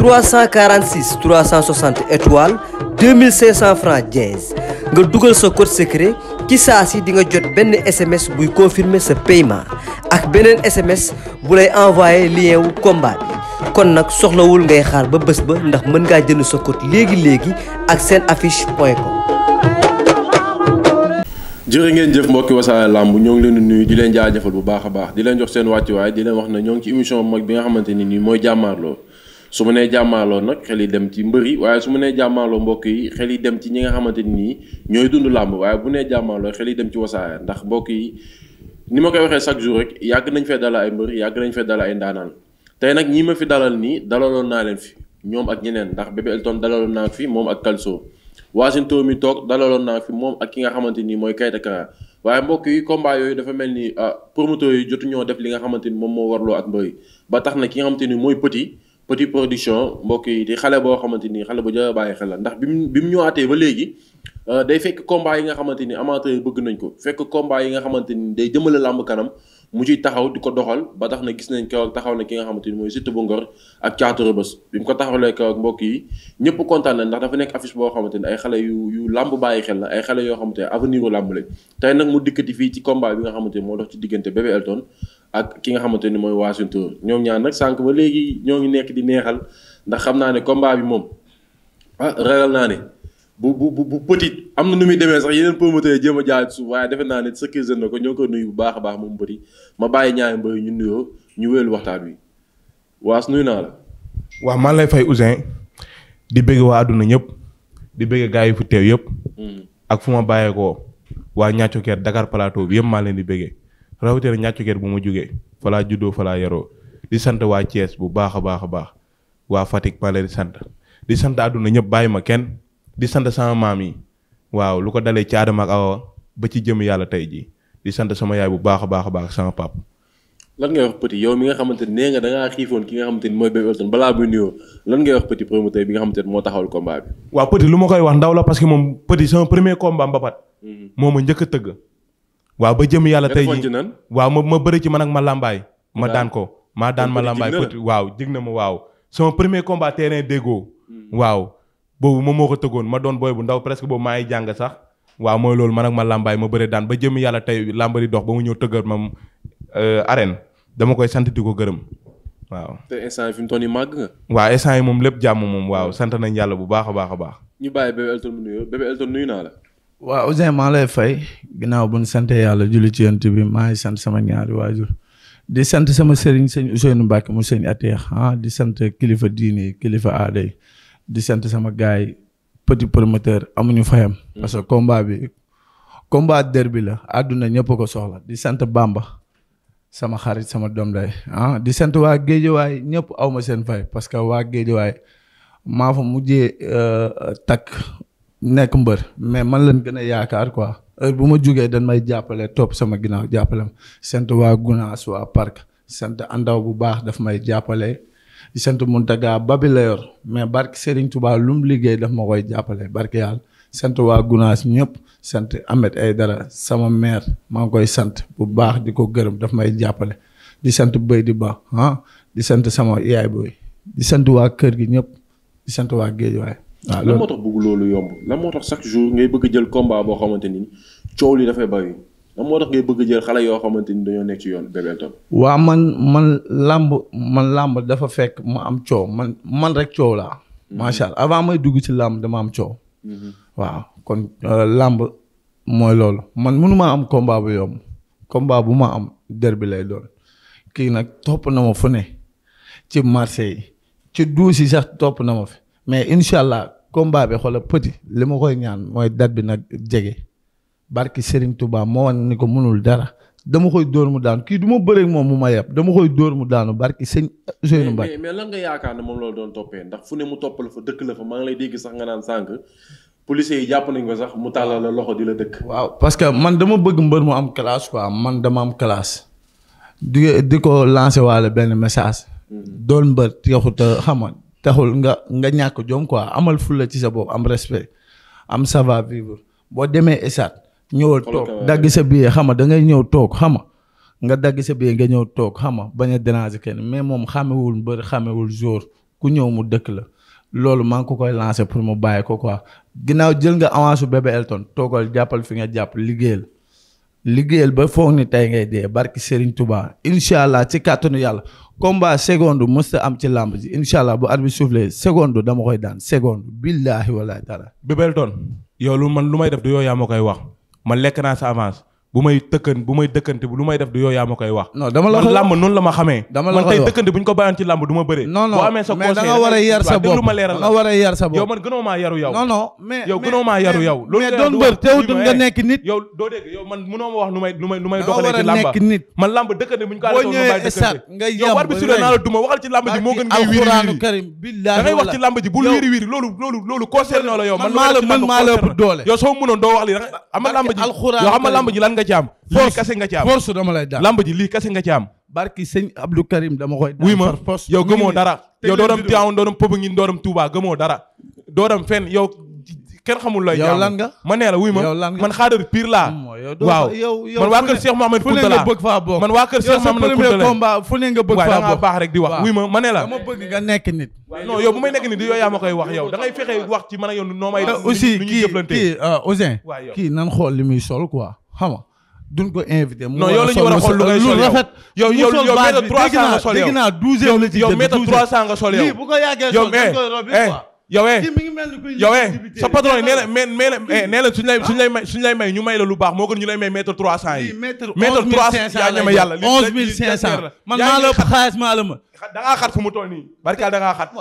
346 360 étoiles 2500 francs dièse nga dugal sa code secret ci saa si di nga jot benn SMS buy confirmer sa payman ak beneen SMS bu lay envoyer lien wu kon nag soxlawul ngay xaar ba bés ba ndax mën ngaa jënd sa code léegi léegi ak seen affiche point com. jërë ngeen jëf mbokki wasaare làmb ñoo ngi leen nuyu di leen jaajëfal bu baax a baax di leen jox seen wàccuwaay di leen wax ne ñoo ngi ci émission mag bi nga xamante ni nii mooy jàmmaarloo. su ma nee jàmmaaloo nag xel yi dem ci mbër yi waaye su ma nee jàmmaaloo mbokk yi xel yi dem ci ñi nga xamante nii ñooy dundu làmb waaye bu nee jàmmaaloo xel yi dem ci wasaare ndax mbokk yi ni ma koy waxee chaque jour rek yàgg nañ fee dalal ay mbër yàgg nañ fee dalal ay tey nag ñii ma fi dalal nii dalaloon naa leen fi ak ñeneen ndax bébé Elton dalaloon naa fi moom ak Kalso Washington mi toog dalaloon naa fi moom ak ki nga xamante nii mooy Kayta Kara waaye mbokk yi combat yooyu dafa mel ni ah promoteurs yi jotu ñoo def li nga xamante ni moom moo warloo ak mbër ba tax na ki nga xamante ni mooy petit petit production mbokk yi di xale boo xamante ni xale bu jara bàyyi xel la ndax bi mu bi mu ñëwaatee ba léegi euh, day fekk combat yi nga xamante ni amateur bëgg nañ ko fekk combat yi nga xamante ni day jëmale làmb kanam mu taxaw di ko doxal ba tax na gis nañ keroog taxaw na ki nga xamante ni mooy Siteu bu Ngor ak Caatu Rebeuss bi mu ko taxawlee keroog mbokk yi ñëpp kontaan nañ ndax dafa nekk affiche boo xamante ni ay xale yu yu làmb bàyyi xel la ay xale yoo xamante ne avenir u làmb la tey nag mu dikkati fii ci combat bi nga xamante ni moo dox ci diggante Bébé Elton ak ki nga xamante ni mooy Washintor ñoom ñaan nag sànq ba léegi ñoo ngi nekk di neexal ndax xam naa ne combat bi moom ah ragal naa ne bu bu bu petit am na nu muy demee sax yeneen promoteur yi jéem a jaay suuf waaye defe naa ne sécurisé na ko ñoo ngi ko nuyu bu baax a baax moom petit ma bàyyi ñaari mbër ñu nuyoo ñu wéelu waxtaan wi waas nuyu naa la. waaw man lay fay Ouzin di bëgg waa àdduna ñëpp di bëgg gaa yi fu teew yëpp. Mm. ak fu ma bàyyeekoo waa ñàccu keer Dakar Plateau bi yëpp maa leen di bëggee. rawatina ñàccukeer bu ma jugee falaa juddoo falaa yaroo di sant waa Thiès bu baax a baax a baax waa Fatick maa di sant di sant àdduna ñëpp bàyyi ma kenn di sant sama maam yi waaw lu ko dalee ci Adama ak Awa ba ci jëm yàlla tey jii di sant sama yaay bu baax a baax a baax sama pap lan ngay wax petit yow mi nga xamante ne nee da ngaa xiifoon ki nga xamante ni mooy Bébé Elton balaa bu nuyoo lan ngay wax petit promoteur bi nga xamante moo taxawal combat bi. waaw petit ma koy wax ndaw la parce que moom petit sama premier combat mbapat. Mm-hmm. moo ma njëkk a tëgg. waaw ba jëm yàlla tey ji waaw ma ma bëri ci man ak ma làmbaay ma daan ko maa daan ma làmbaay petit waaw jig na ma waaw sama premier combat terrain déggoo hmm. waaw boobu moom moo ko tëggoon ma doon booy bu ndaw presque boobu maa ngi jàng sax waaw mooy loolu man ak ma làmbaay ma bëri daan ba jëm yàlla tey làmbari dox ba mu ñëw tëggat mam euh, arène dama koy sant di ko gërëm waaw. te instant yi mu toll nii màgg nga. waaw yi moom lépp jàmm moom waaw sant nañ yàlla bu baax a baax a baax. ñu bàyyi bébé naa waaw Ouzin maa lay fay ginnaaw bu ñu sante yàlla julli ci yonent bi maa sant sama ñaari waajur di sant sama sëriñ sëñ Ousseynou Mbacke mu sëñ Ateex ah di sant kilifa diini kilifa aada yi di sant sama gars yi petit promoteur amuñu fayam. parce que bi combat derby la àdduna ñëpp ko soxla di sant Bamba sama xarit sama doom day ah di sant waa Géejawaay ñëpp awma seen fay parce que waa Géejawaay maa fa mujjee euh, takk nekk mbër mais man lañ gën a yaakaar quoi heure bu ma jugee dan may jàppale topp sama ginnaaw jàppale ma sant waa Gunaas waa Parc sant andaw bu baax daf may jàppale di sant Muntaga Babi la yor mais barke Serigne Touba lu mu liggéey daf ma koy jàppale barke yàlla sant waa ñëpp sant Ahmed Aidara sama maire maa ngi koy sant bu baax di ko gërëm daf may jàppale di sant Béy di ba ah di sant sama yaay booy di sant waa kër gi ñëpp di sant waa Géejawaay waaw ah, lan moo tax bëgg loolu yomb lan moo tax chaque jour ngay bëgg jël komba boo xamante ni coow li dafay bari lan moo tax ngay bëgg jël xale yoo xamante ni dañoo nekk ci yoon Bébé Elton. waaw man man làmb man làmb dafa fekk ma am coow man man rek laa. Mhm. macha allah avant may dugg ci làmb dama am coow. Mhm. kon euh, làmb mooy loolu man mënumaa am combat bu yomb bu ma am der bi lay kii nag topp na ma fu ne ci marché yi ci duus yi sax topp na ma fi. mais incha allah combat bi xoolal pëti li ma koy ñaan mooy date bi nag jege barki Serigne Touba moo wan ni ko mënul dara dama koy dóor mu daanu kii duma ma moom mu ma yeb dama koy dóor mu daanu barki sëñ Ousseynou Mbacké. mais mais lan nga yaakaar ne moom loolu doon toppee ndax fu ne mu topp la fa dëkk la fa man lay dégg sax nga naan sànq policiers yi jàpp nañ ko sax mu tàllal loxo di la dëkk. waaw parce que man dama bëgg mbër mu am classe quoi man dama am classe. di di ko lancer waale benn message. Mm-hmm. doon mbër teexut xam nga taxul nga nga ñàkk jom quoi amal fulla ci sa bopp am respect am sava vivre boo demee esaat ñëwal toog dagg sa billet xama da ngay ñëw toog xama nga dagg sa billet nga ñëw toog xama bañ a déranger kenn mais moom xamewul mbër xàmmewul jour ku ñëw mu dëkk la loolu maa ngi ko koy lancé pour mu bàyyi ko quoi ginnaaw jël nga avance su bébé Elton toogal jàppal fi nga jàpp liggéeyal liggéeyal ba foog ni tey ngay dee barki Serigne Touba incha allah ci kàttanu yàlla segond seconde mës am ci làmb ji incha allah bu at bi soufflé seconde dama koy daan seconde billaahi wallaahi taala. Bébé Elton yow lu man lu may def du yow yaa koy wax man lekk naa sa avance bu may tëkkan bu may dëkkante bu lu may def du yow yaa ma koy wax. non dama la man làmb la ma xamee. man tey dëkkante bu ñu ko bàyyoon ci làmb du ma bëree. non a yar eh. doo wax nu may nu ji moo gën xam nga làmb ji yow nga nga ci am. lii kase nga ci am force dama lay daan lamb ji lii kase nga ci am. barki sëñ Abdou Karim dama koy. daan ma yow gëmoo dara. yow doo dem Tivaouane doo dem Popenguine doo dem Touba gëmoo dara. doo dem fenn yow kenn xamul lay. yow lan nga ma nee la wuy ma man xaadar pire laa. Mm, waaw man waa kër Cheikh Mohamed man waa kër Cheikh Mohamed Kounta la combat fu ne nga bëgg faa bokk baax rek di wax wuy ma ma nee la. dama bëgg nga nekk nit. non yow bu may nekk nit yow yaa ma koy wax yow da fexe wax ci man ak yow noo may. Euh, aussi kii euh, kii nan xool li sol quoi xam duñ ko invité. mu war a sol lu lu rafet yow yow trois cent nga sol yow dégg naa trois cent nga sol yow. lii bu ko yàggee sol eh, eh, eh. patron yi nee na suñ lay may ñu may lu baax moo ñu lay may mètre trois cent yi. mètre trois cent yaa ñeme yàlla li onze mille cinq cent man maa la xaalis ma. da xat fu mu toll nii. barkaal da xat.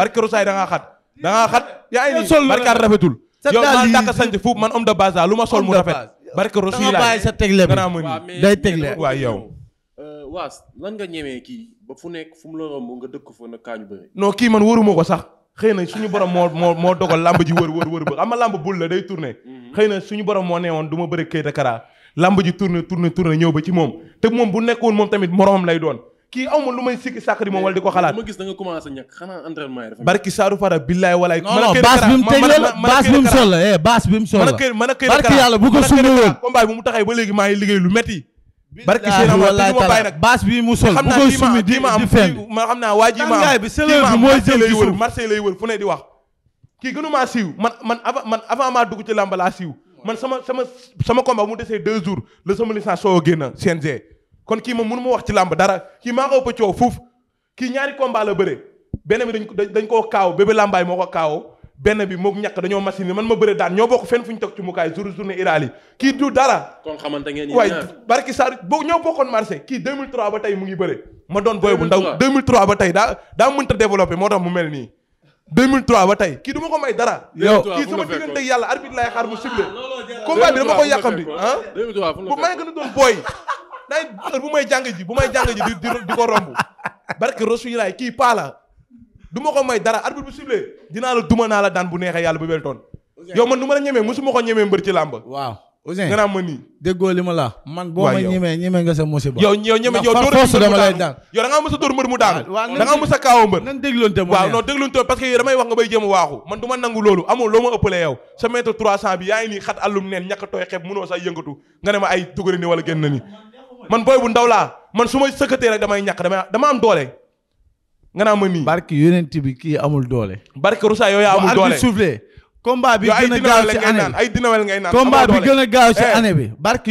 barke Rosaay da ngaa xat. da xat yaa ngi nii man homme de base lu ma sol mu rafet barke Rasulullah da nga bàyyi sa tegle bi day tegle waaw yow. Euh, waa lan nga ñemee kii ba fu nekk fu mu la romb nga dëkk fa na kaañu bëri. noo kii man wëruma ko sax xëy na suñu borom moo moo moo dogal làmb ji wër wër wër ba xam nga làmb bul la day tourné. Mhm. xëy na suñu borom moo neewoon du ma bëri Keita Kara làmb ji tourné tourné tourné ñëw ba ci moom te moom bu nekkoon moom tamit moromam lay doon kii aw ma lu may sikki sàkk di moom wala di ko eh, xalaat. dama gis da nga commencé ñàkk xanaa barki Saaru Fara billaay walaay. baas bi mu a yàlla bu ko sumee woon. combat bi mu taxay ba léegi maa ngi liggéey lu metti. barki seen bi mu sol bu ko sumee di di fenn. ma xam ma fu ne di wax. kii gënumaa siiw man man avant man avant maa dugg ci làmb laa siiw man sama sama sama combat mu desee deux jours la sama licence soo génn CNG kon kii ma mënu ma wax ci làmb dara kii maa ko ëpp coow fuuf kii ñaari combat la bëre benn bi dañ koo kaaw ba làmbaay moo ko kaawoo benn bi moom ñàkk dañoo machine man ma bëre daan ñoo bokk fenn fu ñu toog ci mukaay jour journée iraal yi kii du dara. kon xamante ngeen ñaar waay barki Sarr boo ñoo bokkoon marché kii 2003 ba tey mu ngi bëre. ma doon booy bu ndaw 2003 ba tey daa mënta développé moo tax mu mel nii. 2003 ba tey kii du ma ko may dara. yow day heure bu may jàng ji bu may jàng ji di di ko romb barke Rasulilaay kii paa la du ma ko may dara arbitre bu sifflé dinaa la duma naa la daan bu neexee yàlla bu Belton. yow man du la ñemee musuma nga sa musiba. yow yow ñeme a dóor mbër mu daanu yow da ngaa mës a dóor mbër mu daanu. waaw da damay wax nga bay jéem waaxu man du nangu loolu amoo loo ma ëppalee yow sa mètre 300 bi yaa nii xat allum neen ñàkk tooy xeeb mënoo sa yëngatu nga ne ma ay dugari man booy bu ndaw laa man su may sëkkatee rek damay ñàkk dama dama am doole. nga naa ma nii. barke yonent bi kii amul doole. barke Roussa yow yaa amul doole soufflé. combat bi gën a gaaw ci année eh. bi ay dinawel ngay naan combat bi gën a gaaw ci année bi. barke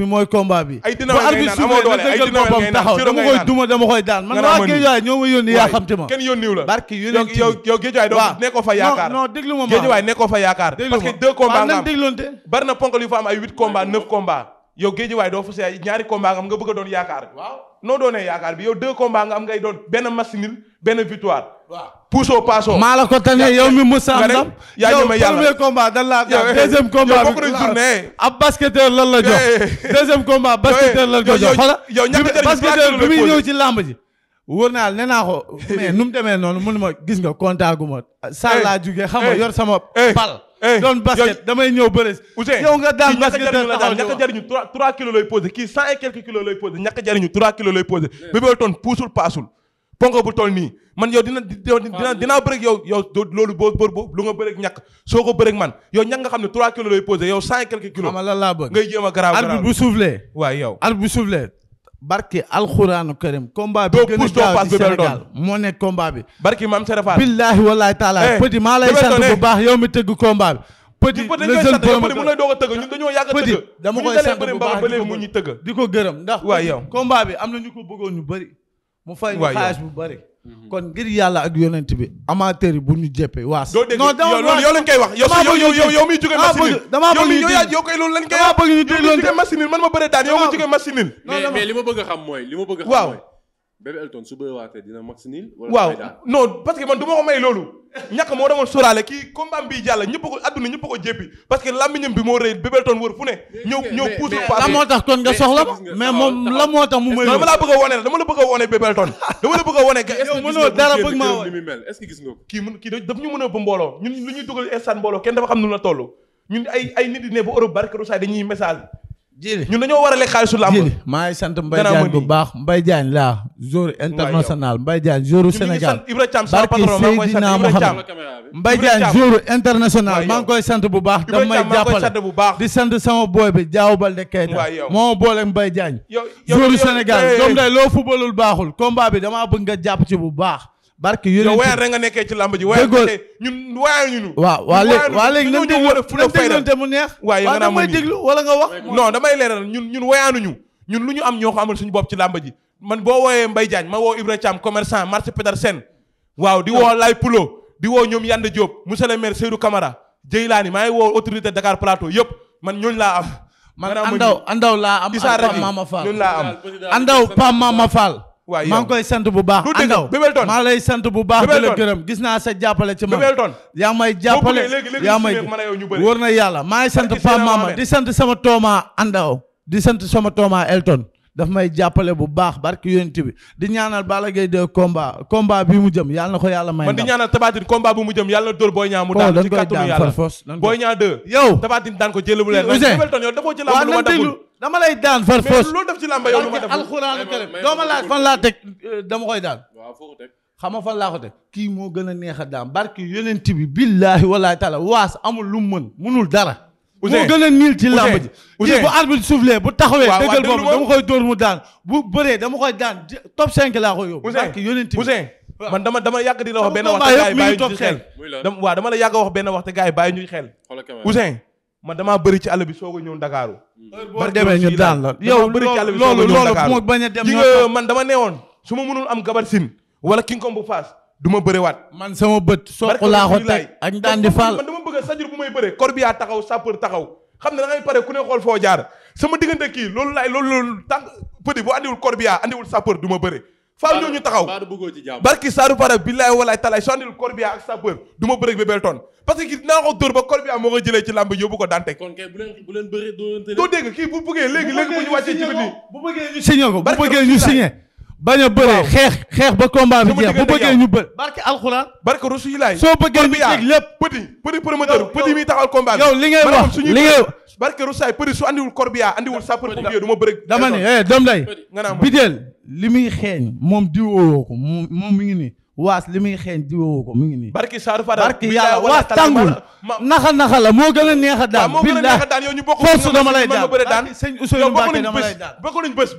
bi mooy combat bi. ay dinawel ngay naan amoo doole ay dinawel ngay naan taxaw dama koy duma daan man waa Géejawaay ñoo ma yónni yaa xam ma. kenn yónniw la barke yonent yow yow Géejawaay doo nekkoo fa yaakaar. parce bari na ponk am ay huit combats neuf yow géejewaay doo fa see ñaari combat nga bëgg a doon yaakaar bi. waaw noo doonee yaakaar bi yow deux combat nga am ngay doon benn match nul benn victoire. waaw puso maa la ko tane yow mi Moussa Ndam. yaa yow premier combat dan laa ko deuxième combat bi ab basketteur lan la jox. deuxième combat basketteur lan la jox xoolal. yow basketteur bi muy ñëw ci làmb ji. wóor naa nee naa ko mais mu demee noonu mënu ma gis nga contact gu ma. saa eh. laa eh. yor sama eh. bal. doon basket damay ñëw bëre. Ousseyn yow nga daan basket la taxaw jariñu trois trois lay posé kii cent et quelques kilos lay posé ñàkk jariñu trois kilos lay posé. Bébé Elton puusul paasul. ponko bu toll nii man yow dina dina dinaa bëreeg yow loolu boo boo lu nga bëreeg ñàkk ko bëreeg man yow ñàkk nga xam ne trois kilos lay posé yow cent et quelques kilos. nga lan laa bëgg ngay jéem bu soufflé. barke alxuraanu karim combat bi gën a gaaw ci Sénégal moo nekk combat bi. barke maam Serapha. billaahi wallaahi taala. Eh, petit maa lay sant bu eh. baax yow mi tëgg combat bi. petit le jeune promoteur ñun dañoo yàgg a tëgg. dama koy sant bu baax di ko gërëm ndax. waaw yow combat bi am na ñu ko bëggoon ñu bëri. mu fay ñu bu bari mhm. kon ngir yàlla ak yonent bi amateur yi bu ñu jeppe waas. doo dégg yow loolu yow lañ koy wax. damaa bëgg yow yow yow machine. damaa bëgg yow yow yow kay loolu lañ koy wax. damaa bëgg yow miy jóge machine man ma bëre daan yow nga jóge machine. mais li ma bëgg a xam mooy li ma bëgg a xam waaw waaw non parce que man du ma ko may loolu. ñàkk moo demoon sóoraale kii combat bi jàll ñëpp ko àdduna ñëpp ko jéppi parce que làmmiñam bi moo rëy Bébé wër fu ne. ñëw ñëw puusu paa la moo tax kon nga soxla mais moom la moo tax mu may. dama la bëgg a wane dama la bëgg a wane Bébé dama la bëgg a wane. yow mun kii daf ñu mën a ba mbooloo lu ñuy dugal instant mbooloo kenn dafa xam nu la toll ñun ay ay nit di ne ba Europe barke ñun dañoo war a lekk xaalisu làmb. jërëjëf maa sant Mbaye Diagne bu baax Mbaye Diagne laa. joueur international Mbaye Diagne joueur Sénégal. barki Seydina Mohamed Mbaye Diagne joueur international maa ngi koy sant bu baax. da may jàppale di sant sama boy bi Diao Baldé Keita. moo boole Mbaye Diagne. joueur Sénégal doom day loo fubalul baaxul combat bi damaa bëgg nga jàpp ci bu baax. barke yonent yow rek nga nekkee ci làmb ji. déggoo ñun waaye ñunu. waaw waa léegi waa léegi nan déglante mu neex. waaye yow damay déglu wala nga wax. non damay leeral ñun ñun woyaanuñu ñun lu ñu am ñoo ko amal suñu bopp ci làmb ji man boo wooyee Mbaye Diagne ma woo Ibrahima Thiam commerçant marché Petersen waaw di woo Lay Pulo di woo ñoom Yande Diop monsieur le maire Seydou Camara Jeylaani maa ngi woo autorité Dakar Plateau yëpp man ñooñu laa am. man andaw andaw laa am. Issa Rabi ñooñu laa am andaw Pam Mama Fall. waaw maa ngi koy sant bu baax. du dëgg Bébélton maa lay sant bu baax. Bébélton di la gërëm gis naa sa jàppale ci man. Bébélton yaa may jàppale. yaa may wóor na yàlla maa ngi sant Pa Mama di sant sama tooma Andaw. di sant sama tooma Elton. daf may jàppale bu baax barki yonent bi di ñaanal Balla Gaye de combat combat bi mu jëm yàlla na ko yàlla may. man di ñaanal Tabatine combat bu mu jëm yàlla na dóor Boy Niang mu oh, daan ci kàttanu yàlla Boy Niang 2. yow Tabatine daan ko jëlee bu leen. Ousseyn waaw nan dama lay daan far foos mais loolu def ci làmba yow lu ma def alxuraanu fan laa teg euh, dama koy daan. waaw foo ko teg xam nga fan laa ko teg. kii moo gën a neex a daan barki yonent bi billaahi wallaahi taala waas amul lu mu mën munul dara. moo gën a niil ci làmb ji. kii bu arbitre soufflé bu taxawee. dëggal boobu dama koy dóor mu daan bu bëree dama koy daan top 5 laa koy yóbbu. barki yonent bi man dama dama yàgg di la wax benn wax te gars yi bàyyi yi ñuy xel. man damaa bëri ci àll bi soo ko ñëw Ndakaaru. boo demee ñu daan la yow bëri ci àll bi soog a ñëw Ndakaaru loolu bañ a dem nga man dama ne woon su ma mënul am gabar sin wala king kong bu faas ma bëriwaat. man sama bët soq laa ko teg ak daan di faal man dama bëgg a sajur bu may bëree kor bi yaa taxaw sapeur taxaw xam ne da ngay pare ku ne xool foo jaar sama diggante kii loolu laay loolu loolu tànk pëdi bu andiwul kor bi yaa andiwul sapeur du ma bëre faaw ñoo ñu taxaw barki saaru fara billaay walaay talaay sandil corbia ak sapeur du ma bëre bébé ton parce que kii dinaa ba corbia moo ko jëlee ci làmb yóbbu ko dante kon kay kii bu bëggee léegi léegi bu ñu wàccee ci biti bu bañ a bëree xeex xeex ba combat bi jeex bu bëggee ñu bër barke alxuraan barke rasulilaay soo bëggee ñu teg lépp petit petit promoteur petit mi taxawal combat bi yow li ngay wax li ngay barke rasulilaay petit su andiwul corbia andiwul sapeur pompier du ma bëre dama ne eh doom day bideel li muy xeeñ moom diwoo ko moom mi ngi nii waas li muy xeeñ diwoo ko mu ngi nii. barki Sadou Fadal barki waas tàngul. naxa naxa la moo gën a neex daan. waaw moo dama lay daan daan sëñ dama lay daan. bokku nañu bés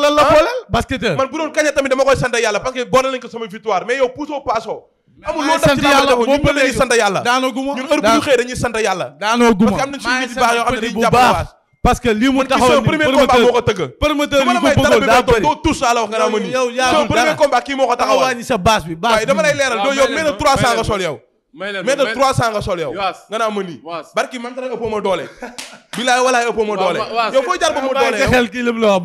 la la booleel ah? basketteur man bu doon kaña tamit dama koy sant yàlla parce boole nañ ko sama victoire mais yow puusoo paasoo amul loo def ci yàlla boo bële dañuy sant yàlla daanoo guma ñun heure bu ñu xëyee dañuy sant yàlla daanoo guma parce que lii mu taxawoon premier combat moo ko ko bëggoon daa bëri tous wax nga naan ma nii. yow yaa premier combat kii moo ko taxawal wàññi sa base bi base bi dama lay leeral doo yow mel na 300 nga sol yow. nga sol ma nii. barki man dara ëppoo ma doole. bilaay walaay ëppoo ma doole. yow fooy jaar ba ma doole yow. xel kii lim la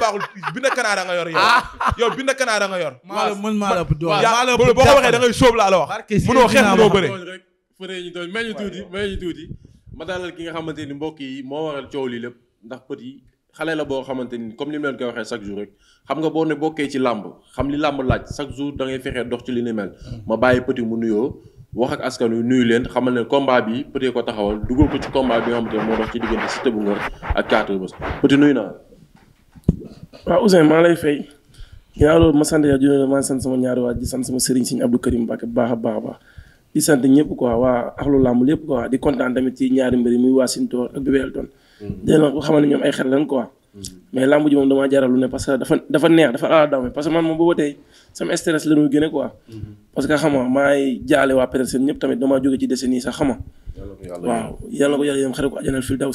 wax kanaara nga yor yow. Ah. yow binda kanaara nga yor. maa la ëpp doole. yaa boo ko waxee da ngay sóob laa wax. mënoo xeex fëree ñu doon may ñu tuuti may ñu tuuti ma dalal ki nga xamante ni mbokk yi moo waral coow li lépp ndax petit xale la boo xamante ni comme ni koy waxee chaque jour rek nga boo ne bokkee ci làmb xam li làmb laaj chaque jour da ngay fexee dox ci li mel mm-hmm. ma bàyyi petit mu nuyoo wax ak askan wi nuyu leen xamal ne combat bi Petit ko taxawal dugal ko ci combat bi nga xamante moo dox ci diggante Siteu bu Ngor ak Caatu Rebeuss Petit nuyu naa waaw Ousseyn maa lay fay ginnaaw loolu ma sant yàlla maa sant sama ñaari waat di sant Karim baax a baax a baax di sant ñëpp quoi waa axlu làmb lépp quoi di kontaan tamit ci ñaari mbir muy waa ak Bébé Elton. Mm-hmm. dinañ la ko xamal ne ñoom ay xel lañ quoi. Mm-hmm. mais làmb ji moom damaa jaral lu ne parce que mm-hmm. jaale waa Petersen ñëpp tamit damaa jóge ci dese nii sax xam waaw yàlla ko yàlla yam xare ko ajanal fil daw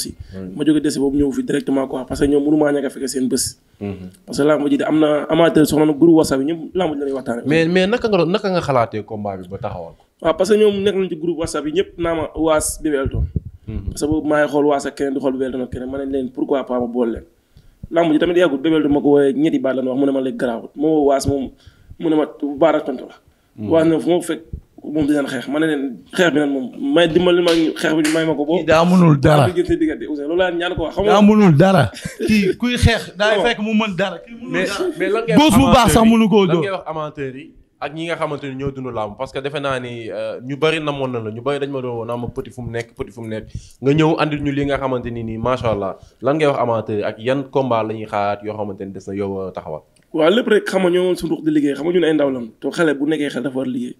ma jóge dese boobu ñëw fi directement quoi parce que ñoom mënu maa ñàkk a fekkee seen bés parce que làmb ji am na amateur soxna na groupe WhatsApp yi ñëpp làmb ji la ñuy bi ba waaw parce que ñoom nekk nañ ci groupe whatsapp yi ñëpp naa ma waas bébé Elton. Mhm. parce boobu maa xool waas a keneen di xool bébé Elton ak keneen ma ne leen pourquoi pas ma boole leen. lamb ji ma ko woowee ñetti baat la wax mu ne ma lay garaawut ma woo waas moom mu ne ma baara tontu mhm. xeex ma ne leen xeex bi nag moom may dimbali ma xeex bi may ma ko boo. daa mënul dara ñaan ko wax. xam nga daa mënul dara. kuy xeex. daa fekk mu mën dara. kii mënul dara mais mais lan ngay amateur yi ak ñi nga xamante ni ñoo dund làmb parce que defe naa ni euh, ñu bari namoon na la ñu bari dañ ma doon naa ma petit fu mu nekk petit fu mu nekk nga ñëw andil ñu li nga xamante nii macha allah lan ngay wax amateur ak yan combat la ñuy xaar yoo xamante ni des na yow taxawal. waaw lépp rek xam nga ñoo moom suñu di liggéey xam nga ñun ay ndaw lañ te xale bu nekkee xel dafa war liggéey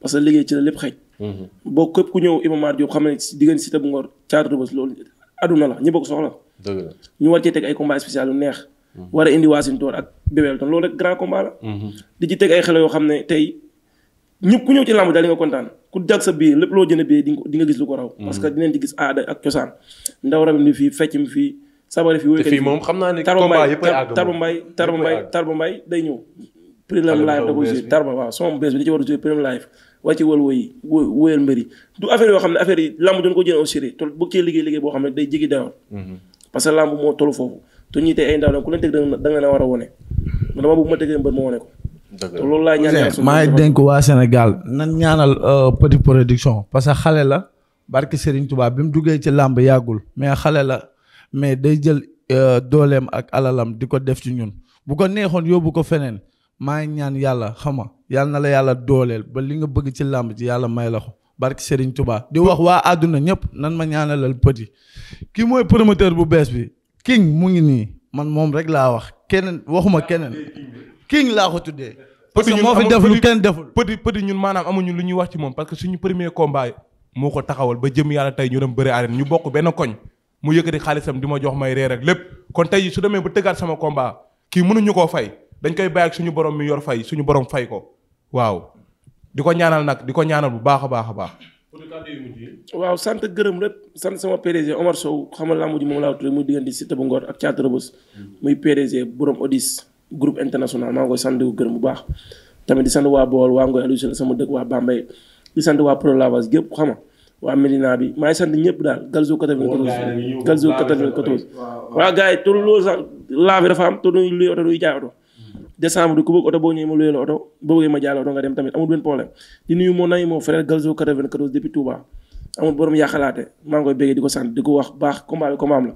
parce liggéey ci la lépp xëj. Mm-hmm. boo képp ku ñëw Iba Mar xam ne diggante Siteu neex war a indi Washington ak Bébé Elton loolu rek grand combat la. Mhm. di ci teg ay xel yoo xam ne tey ñëpp ku ñëw ci làmb daal di nga kontaan ku jag sa biir lépp loo jënd biir di nga gis lu ko raw. parce que mhm. di gis aada ak cosaan ndaw rabim bi fii fecc fii. sabari fi moom xam naa ne combat yëpp ay àgg tarba mbay tarba mbay tarba mbay day ñëw. premium ci war a joué premium live waa ci wàllu wóy yi wóyal mbër du affaire yoo xam ne affaire yi làmb doon ko jëlee au sérieux te liggéey liggéey boo xam ne day jigi dayoon mhm. parce que làmb moo tollu foofu te ñuy tey ay ndaw ku na war a wone man dama ma tegee mbër ma wone loolu laay ñaan maa ngi waa Sénégal nan ñaanal euh, Petit Production parce que xale la barki Serigne Touba bi mu duggee ci làmb yàggul mais xale la mais day jël euh, dooleem ak alalam di ko def ci ñun bu ko neexoon yóbbu ko feneen maa ñaan yàlla xama yàlla na la yàlla dooleel ba li nga bëgg ci làmb ci yàlla may la ko barki Serigne Touba di wax waa àdduna ñëpp nan ma ñaanalal Petit kii mooy promoteur bu bees bi. king mu ngi nii man moom rek laa wax keneen waxuma keneen king laa ko tuddee. parce que moo fi def lu kenn deful. petit petit ñun maanaam amuñu lu ñuy wax ci moom parce que suñu premier combat moo ko taxawal ba jëm yàlla tey ñu dem bëri arène ñu bokk benn koñ mu yëkkati xaalisam di ma jox may reer ak lépp kon tey su demee ba tëggaat sama kombaa kii mënuñu koo fay dañ koy bàyyi ak suñu boroom mi yor fay suñu borom fay ko waaw di ko ñaanal nag di ko ñaanal bu baax a baax a baax. waaw sant gërëm rek sant sama PDG Omar Sow xamal laa mujj moom laa tudd muy diggante Cité bu Ngor ak Thiatou Rebeuss hmm. muy PDG borom Odis groupe international maa ngi sant gërëm bu baax tamit di sant waa Bawol waa Ngoy Aliou sama dëkk waa Bambey di sant waa Pro Lavage gépp xam nga waa Medina bi maa ngi sant ñëpp daal Galzo 94 Galzo 94 waaw gars yi tolu loolu sax laa bi dafa am tolu luy décembre ku bëgg oto boo ñëwee ma luyee la oto boo bëggee ma jaay la oto nga dem tamit amul benn problème di nuyu moo nay moo frère Galzo 94 depuis Touba amul borom yaa xalaate maa ngi koy béggee di ko sant di ko wax baax combat bi combat am la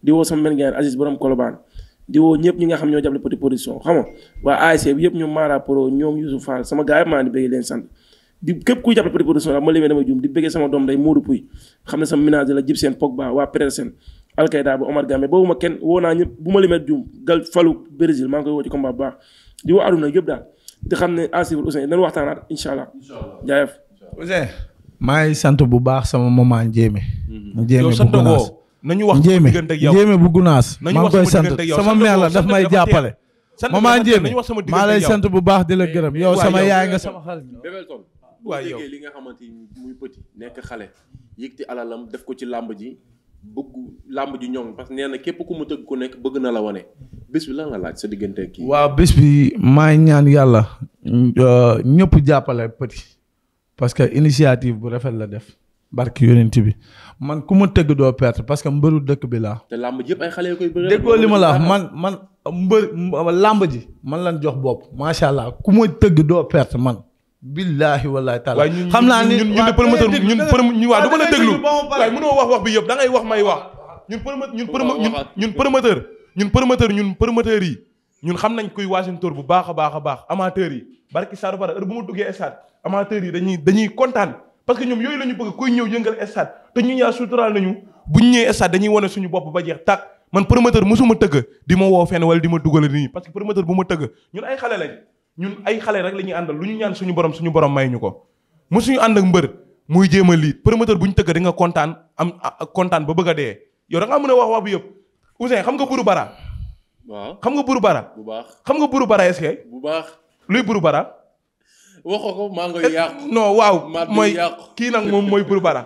di woo sama benn gaan Aziz borom Colobane di woo ñëpp ñi nga xam ñoo jàppale petit production xam nga waa ASC bi yëpp ñoom Mara Pro ñoom Youssouf Fall sama gars yëpp maa di béggee leen sant di képp kuy jàppale petit production la ma limee dama juum di béggee sama doom day Modou Pouy xam ne sama ménage la jib seen Pogba waa Petersen alkayda bu Omar Gambe boobu ma kenn woo naa ñëpp bu ma limee juum gal falu Brésil maa ngi koy woo ci combat bu baax di woo aduna yëpp daal te xam ne asivr Ousseyn dañu waxtaanaat incha allah jaayef Ousseyn maa ngi sant bu baax sama mm-hmm. bu Gunaas nañu wax Njéeme Njéeme bu Gunaas maa ngi koy sant sama mère la daf may jàppale maman Njéeme sant bu baax di la gërëm yow sama yaay nga sama xarit waaw yow li nga xamante muy petit nekk xale yëg ti alalam def ko ci làmb ji bëggu làmb ji ñoom parce que nee na képp ku mu tëgg ku nekk bëgg na la wane bés bi lan nga laaj sa diggante kii. waaw bés bi maay ñaan yàlla euh, ñëpp jàppale petit parce que initiative bu rafet la def barki yonent bi man ku ma tëgg doo perte parce que mbëru dëkk bi laa. te làmb ji yëpp ay xale koy bëri. déggoo li ma la man man mbër làmb ji man lan jox bopp macha allah ku ma tëgg doo perte man. billaahi wallaahi taala naa ni ñun ñun promoteur ñun ñun waaw dama la déglu waaye mënoo wax wax bi yëpp da wax may wax ñun ñun ñun promoteur ñun promoteur ñun promoteur yi ñun xam nañ kuy Washintor bu baax a baax a baax amateur yi barki Sadou Fara heure bu ma duggee stade amateur yi dañuy dañuy kontaan parce que ñoom yooyu la ñu bëgg kuy ñëw yëngal stade te ñu yaa suturaal nañu bu ñu ñëwee stade dañuy wane suñu bopp ba jeex tàkk man promoteur mosuma tëgg di ma woo fenn wala di ma dugal nii parce que promoteur bu ñun ay xale ñun ay xale rek la ñuy àndal lu ñu ñaan suñu borom suñu borom may ñu ko mu suñu ànd ak mbër muy jéem a lii promoteur bu ñu tëgg di nga kontaan am a kontaan ba bëgg a dee yow da ngaa mën a wax wax bi yëpp Ouzin xam nga buru bara. waaw xam nga buru bara. bu baax xam nga buru bara est-ce bu baax luy buru bara. waxoo ko maa ngi eh, waaw mooy kii nag moom mooy buru bara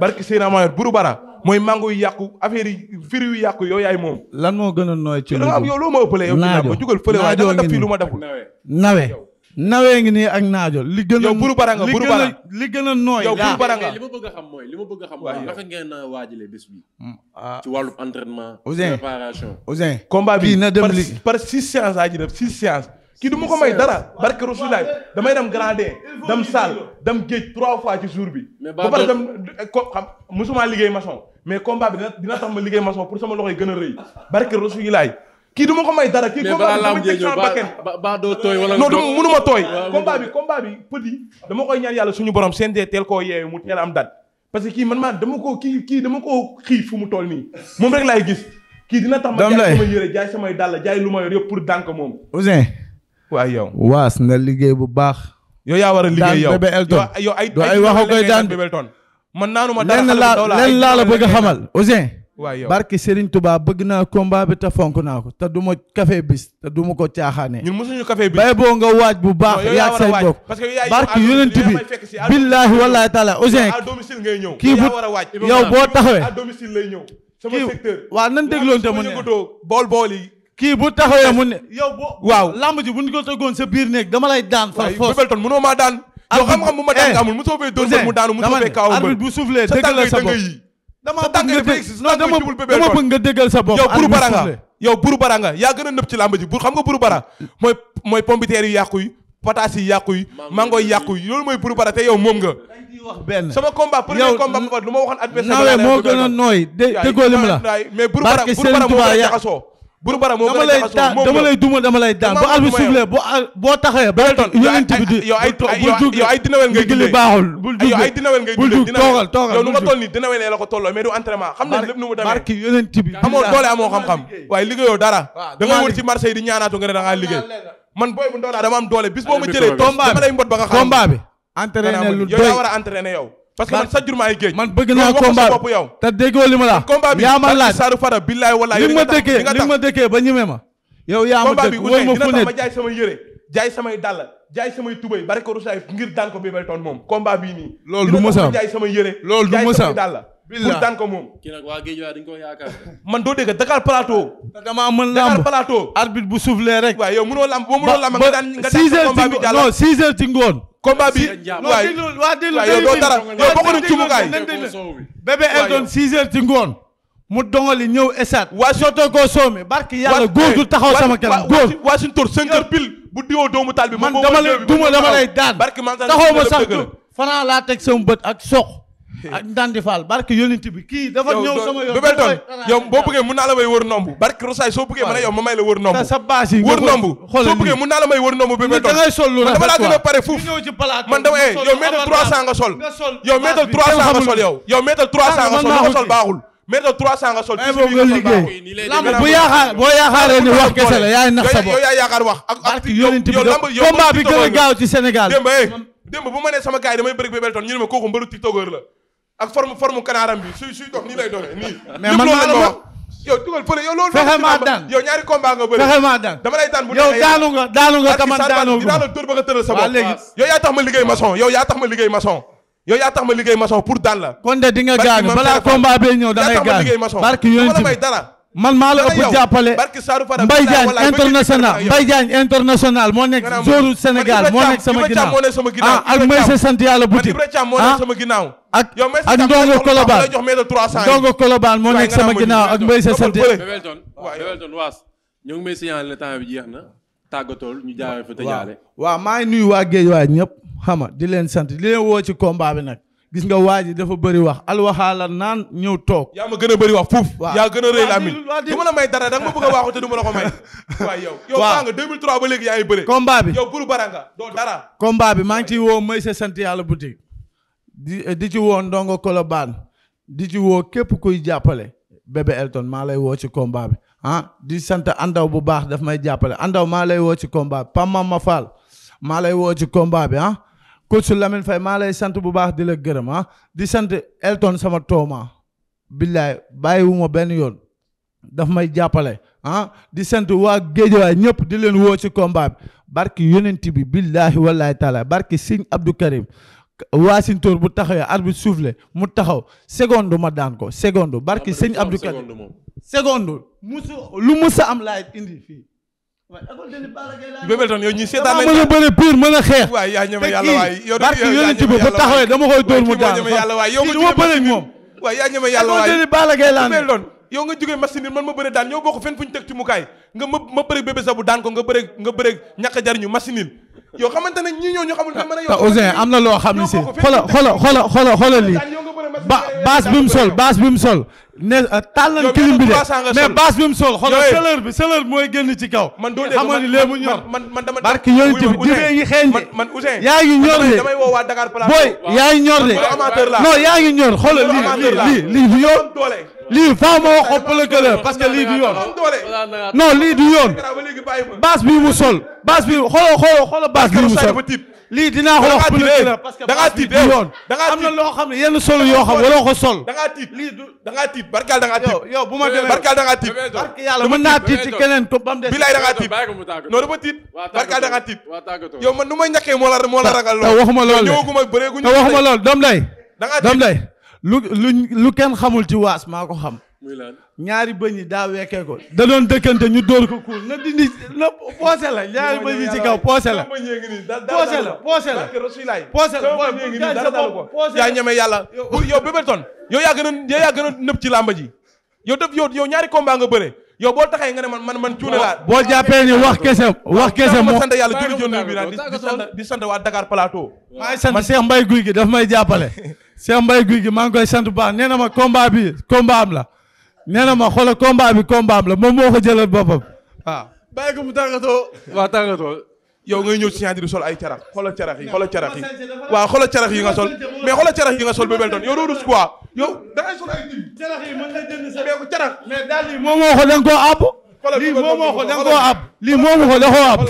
barki Seydina Mohamed buru bara mooy mango yu yàqu affaire yi firi yu yàqu yow yaay moom. lan moo gën a nooy ci lu am yow loo ma ëppalee yow naajo jugal fële def fii lu ma deful nawe ngi nii ak naajo li gën a yow buru bara nga buru bara li gën a nooy yow buru bara nga li ma bëgg a mooy li ma bëgg a xam mooy naka ngeen a waajalee bés bi mm, ah. ci wàllu entraînement préparation Ouzin combat bi na dem li par six séances laa ci def six kii du ma ko may dara barke Rasulaay damay dem gradin dem dem géej trois fois jour bi. ba pare dem ko xam musuma liggéey maçon mais combat bi dina ma liggéey maçon pour loxo yi gën kii du ma ko may dara kii combat bi dama teg sama bakkan ba doo tooy wala non yàlla suñu borom CNG teel koo yeewu mu parce que kii man maa dama ko kii kii dama ko xiif fu mu toll nii moom rek laay gis kii dina tax ma jaay sama yére jaay samay dàll jaay lu ma yor yëpp pour dànk moom Ouzin waaw yow waas na liggéey bu baax. yow yaa a liggéey yow daan bébé Elton yow ay ay koy daan bébé lenn laa lenn laa la bëgg a xamal Ouzin. waaw yow barke bëgg naa combat bi te fonk naa ko te du ma café bis te du ma ko caaxaanee. ñun mosuñu café bis bay boo nga waaj bu baax. yaa say bokk barke yonent bi billaahi wallaahi taala Ouzin. kii bu yow boo taxawee. kii waaw nan dégloon te mu ne bool bool yi kii bu taxawee mu ne. yow boo waaw lamb ji bu ñu tëggoon sa biir néeg dama lay daan. far foofu Bébélton mënoo maa daan. yow xam-xam bu ma daan nga eh, amul mosoo fee doon mu daanu mosoo fee kaaw arbitre bu soufflé dëggal la sa bopp dama bëgg nga dëggal sa bopp yow buru nga yaa gën a nëb ci lamb ji bu xam nga buru mooy mooy pompiteer yi yàqu yi pataas loolu mooy buru te yow moom nga sama combat premier combat ba lu ma waxoon adversaire nawe moo gën moo jaxasoo buru bara moo gën a jaxasoo dama lay duma dama lay daan bu albi soufflé boo ah, boo taxee ba yonent bi di yow ay yow ay dinawel ngay julli baaxul bul yow ay dinawel ngay bul jug toogal toogal yow nu nga du entraînement xam nañ lépp nu mu demee barki yonent bi amoo doole amoo xam-xam waaye liggéeyoo dara da nga wër ci marché di ñaanaatu nga ne da man booy bu doole bis boo ma jëlee tomba bi dama lay mbot ba nga xam tomba bi yow parce que man sa jur maay géej. man bëgg naa combat bopp yow. te déggoo li ma la. combat bi yaa ma laaj Sadou Fara billaay walaay. li li ma dëkkee ba ñeme ma. yow yaa ma ma jaay samay yére jaay samay dàll jaay samay tubay bari ko rusaay ngir daan ko bii toon moom. combat bii nii. loolu du ma saam jaay samay yére. loolu du ma saam samay dàll pour man doo dégg Dakar Plateau. damaa mën lamb Dakar bu soufflé rek. waaw yow mënoo lamb boo mënoo lamb nga ngoon combat bi waay waa déglu yow doo dara yow bokk na cumukaay bébé Elton six heures ci ngoon mu dongali ñëw esat waa soto ko soome barki yàlla góor du eh, taxaw sama kanam góor waa suñu tur bu diwoo doomu taal bi man duma dama lay daan taxaw ma sax Franc laa teg sama bët ak soq Ndandi Fall barke yonent bi kii dafa ñëw sama yow boo bëggee mun naa la may wër nomb barke soo bëggee ma ne yow ma may la wër nomb sa a a eh, ma nee sama gars damay bëri Bébé ñu ne ma kooku mbëru tiktokeur la ak forme forme kanaaram bi suy suy dox nii lay doxee nii. mais man maa la wax yow dugal fële yow loolu. fexe maa daan yow ñaari combat nga bëri. fexe maa daan dama lay daan bu yow daanu nga daanu nga taman daanu dinaa la dóor ba nga tëral sa bopp léegi yow yaa tax ma liggéey maçon yow yaa tax ma liggéey maçon yow yaa tax ma liggéey maçon pour daan la kon de di nga gaañu balaa combat bee ñëw da ngay gaañu barki yow may dara man maa la ëpp jàppale Mbaye Diagne international Mbaye Diagne international moo nekk zone Sénégal moo nekk sama ginnaaw ah ak Maysa sant yàlla buti ah ak ak Ndongo Colobane Ndongo Colobane moo nekk sama ginnaaw ak Maysa sant Bewelton Bewelton waas ñoo ngi may signaler ne temps bi jeex na tàggatool ñu jaaree fa tëjaale waa maa ngi nuyu waa géej waay ñëpp xama di leen sant di leen woo ci combat bi nag gis nga waa ji dafa bëri wax alwaxaala naan ñëw toog. yaa ma gën a bëri wax fuuf. waaw yaa gën a rëy làmmiñ du ma la may dara da nga ma bëgg a waxu te du ma la ko may. waaw ba léegi yaa ngi bëre. combat bi yow pour baranga doo dara. combat bi maa ngi ciy woo Maysa sant yàlla boutique. di di ci woo Ndongo Kolobaan di ci woo képp kuy jàppale. bébé Elton maa lay woo ci combat bi ah di sant andaw bu baax daf may jàppale andaw maa lay woo ci combat bi Pam Mama maa lay woo ci combat bi ah. coach Lamine Faye maa lay sant bu baax di la gërëm ah. di sant Elton sama tooma ah. bàyyiwu ma benn yoon daf may jàppale ah di sant waa géejawaay ñëpp di leen woo ci combat bi barki yonent bi billaahi wallaahi taala barki Serigne Abdou Karim Wassintor bu taxawee arbitre soufflé mu taxaw seconde ma daan ko seconde barki Serigne Abdou Karim seconde musu lu musa am laay indi fii Bébé Elton yow ñu seetaan lañ. mën a bëre pire mën a xeex. waay yaa ñeme yàlla waay yow barki ma bëre moom. waay yaa ñeme yàlla waay yow nga jógee machine man ma bëre daan ñoo bokk fenn fu ñu teg ci nga ma ma bëre bébé sabu daan ko nga bëre nga bëre ñàkk jariñu machine yow xamante ne ñi ñoo ñu xamul dama ne. te Ouzin am na loo xam ne si xoolal xoolal xoolal xoolal lii ba baas bi mu sol baas bi mu sol. ne tàllal kilim bi de baas bi mu sol. xoolal sëlër bi sëlër bi mooy génn ci kaw. man doo dégg man barke yooyu ci dibe yi xeeñ de. man yaa ngi ñor de. damay woo ñor de. amateur la non ñor xoolal lii lii lii lii yow. lii faaw ma wax ëppale parce que lii du yoon non lii du yoon baas bii mu sol baas bii xooloo xooloo xooloo baas bii mu sol lii dinaa ko wax ëppale eh. parce que baas bii du eh. yoon am na loo xam ne yenn sol yoo xam waroo ko sol. lii du da ngaa tiit barkaal da ngaa tiit yow bu ma demee barkaal da ngaa tiit barke yàlla mën naa tiit ci keneen ko ba mu des bilaay da ngaa tiit non dafa tiit barkaal da ngaa tiit yow man nu may ñàkkee moo la moo la ragal lool te waxuma lool te waxuma lool doom day doom day lu lu lu kenn xamul ci waas maa ko xam. ñaari bëñ yi daa wekkee ko. da doon dëkkante ñu dóor ko kuul na dindi na poose la ñaari bëñ yi ci kaw poose la. poose la poose la poose la booy bu poose la yaa ñeme yàlla yow Bébé Elton yow yaa gën a nëb ci làmba ji yow def yow ñaari combat nga bëre. yow boo taxee nga ne man man man cuune laa. boo jàppee ni wax kese wax kese moo. sant yàlla julli jonne bi nag di sant di sant waa Dakar Plateau. maa ngi sant Guy gi daf may jàppale. Cheikh mbay Guy gi maa ngi koy sant bu baax nee na ma combat bi combat am la. nee na ma xoolal combat bi combat am la moom moo ko jëlal boppam waaw. bàyyi ko mu tàggatoo. waaw yow ngay ñëw signature bi sol ay carax xoolal carax yi xoolal carax yi waaw xoolal carax yi nga sol mais xoolal carax yi nga sol ba Belton yow doo rus quoi yow da ngay sol ay carax yi mën na jënd sa mais carax mais daal lii moo moo ko da nga koo àbb lii moo moo ko da nga koo àbb lii moo moo ko da nga koo àbb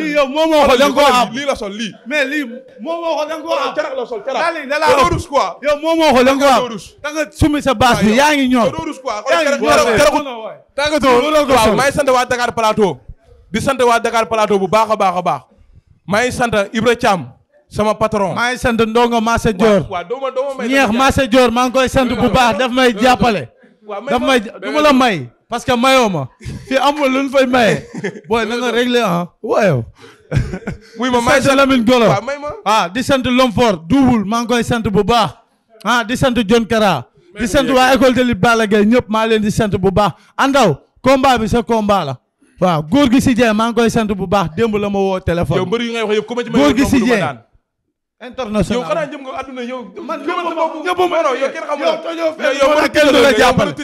lii yow moo moo ko da nga koo àbb lii la sol lii mais lii moo moo ko da nga koo àbb carax la sol carax daal lii da laa doo rus quoi yow moo moo ko da nga koo àbb da nga sumi sa baas bi yaa ngi ñoom yaa ngi ñoom tàggatoo waaw maa ngi sant waa Dakar Plateau di sant waa Dakar Plateau bu baax a baax a baax maa ngi sant Ibra Thiam sama patron. maa ngi sant Ndongo Massé Dior waaw dooma ñeex Massé Dior maa ngi koy sant bu baax daf may jàppale. daf du ma la may. parce que mayoo ma fii amul lu ñu fay maye. booy na réglé ah waaye. muy ma may sant Lamine Golo ah, di sant Lomfor duubul maa ngi koy sant bu baax. ah di sant John Kara. di sant waa école de lutte Balla Gaye maa leen di sant bu baax. andaw combat bi sa combat waaw góor gi si maa ngi koy sant bu baax démb la ma woo téléphone. moo tax kenn du la jàppal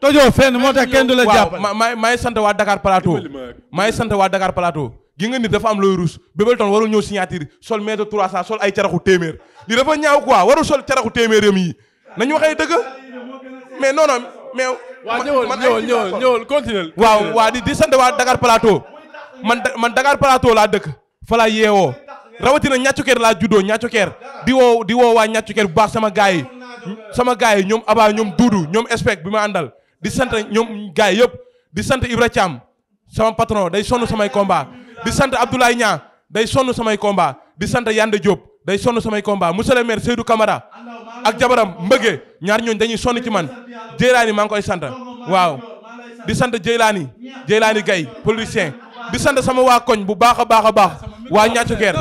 tojoo fenn moo tax kenn du la jàppal. waaw sant waa Dakar Plateau maa sant waa Dakar Plateau. gi nit dafa am looy ruus Bébéton warul ñëw signature sol mètre 300 sol ay caraxu téeméer li dafa ñaaw quoi warul sol caraxu téeméer yam yi nañu waxee dëgg mais non mais. waaw ñëwal ñëwal ñëwal ñëwal continuer waaw waa di di sant waa Dakar palaatoo man man Dakar Plateau laa dëkk fa laa yeewoo rawatina ñàccukeer laa juddoo ñàccukeer di woo di woo waa ñàccukeer bu baax sama gaay yi sama gaay yi ñoom Aba ñoom Duudu ñoom Espec bi ma àndal di sant ñoom gaay yëpp di sant Ibra Thiam sama patron day sonn samay combat di sant Abdoulaye Niang day sonn samay combat di sant Yande Diop day sonn samay combat monsieur le maire Seydou Camara ak jabaram mbëggee ñaar ñooñ dañuy sonn ci man Jeylaani maa ngi koy sant waaw di sant Jeylaani Jeylaani Gaye politicien di sant sama waa koñ bu baax a baax a baax waa ñaacu geer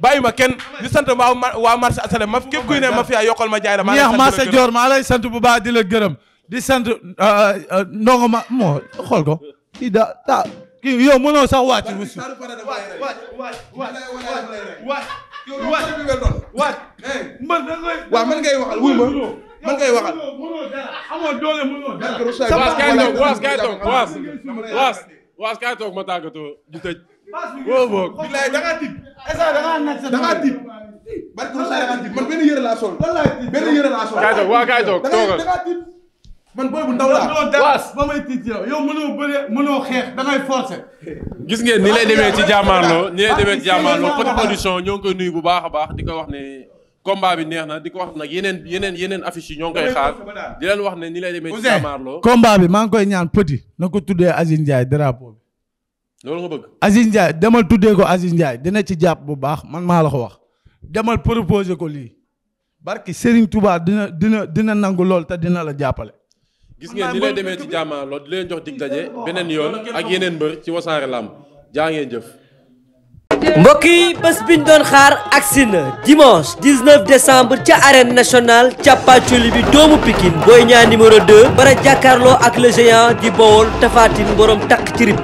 bàyyi ma kenn di sant waa waa marché asalem ma képp kuy ne ma fiyaa yokkal ma jaay la maa neex marché Dior maa lay sant bu baax di la gërëm di sant ndongo ma moo xool ko kii da daa kii yow mënoo sax wàcc waat waat. man da ngay. waaw man ngay waxal wuy ma man ngay waxal. amoo doole mënoo dara. sama kay toog waas kay toog waas. waas waas kay toog ma tàggatoo di tëj. woo woo. bilaay da ngaa tibb. est-ce que man booy bu ndaw laa ba may tiit yow yow mënoo bëre mënoo xeex da ngay gis ngeen ni lay demee ci jàmmaarloo ni lay demee ci jàmmaarloo bu baax a baax di ko wax ne combat bi neex na di ko wax nag yeneen yeneen yeneen affiche yi ñoo ngi koy wax ne ni lay demee ci jàmmaarloo. combat bi maa ngi koy ñaan Petit na ko tuddee Aziz Ndiaye drapeau bi. loolu nga bëgg. Aziz Ndiaye demal tuddee ko Aziz Ndiaye dina ci jàpp bu baax man maa la ko wax demal proposer ko lii barki Serigne Touba dina dina dina nangu lool te dina la jàppale gis ngeen ni lay demee ci jàmmaarloo di jox dig daje beneen yoon ak yeneen mbër ci wasaare làmb jaa ngeen jëf mbokk yi bés biñ doon xaar agsi na dimanche décembre ca arène nationale càppaacoli bi doomu pikin Boy Niang numéro bara jàkkaarloo ak le géant di Bawol Tapha boroom takk ci rib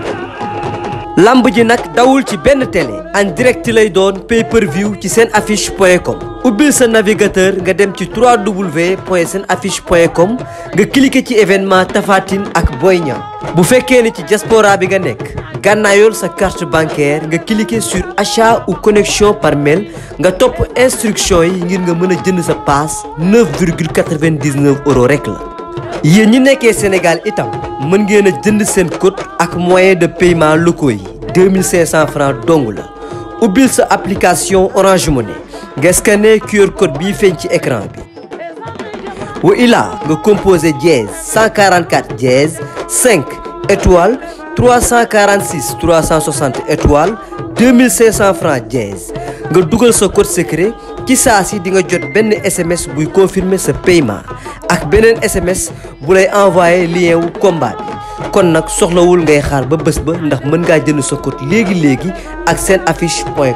lamb ji nag dawul ci benn télé en direct lay doon pay per ci seen affiche point com ubbil sa navigateur nga dem ci www.senaffiche.com nga cliquer ci événement Tapha ak Boy Niang bu fekkee ni ci diaspora bi nga nekk gànnaayool sa carte bancaire nga cliquer sur achat ou connexion par mail nga topp instruction yi ngir nga mën a jënd sa paas 9,99 euros rek la yéen ñi nekkee Sénégal itam mën ngeen a jënd seen code ak moyen de paiement locaux yi 2500 francs dong la ubbil sa application Orange Money nga ne QR code bii feeñ ci ecran bi wa ilaa nga composé dièse 144 dièse 5 étoile 346 360 étoile 2500 francs dièse nga dugal sa code secret ci saa si di nga jot benn SMS buy confirmé sa paiement ak beneen SMS bu lay envoyé lien wu combat kon nag soxlawul ngay xaar ba bés ba ndax mën ngaa jënd sa code léegi léegi ak seen affiche point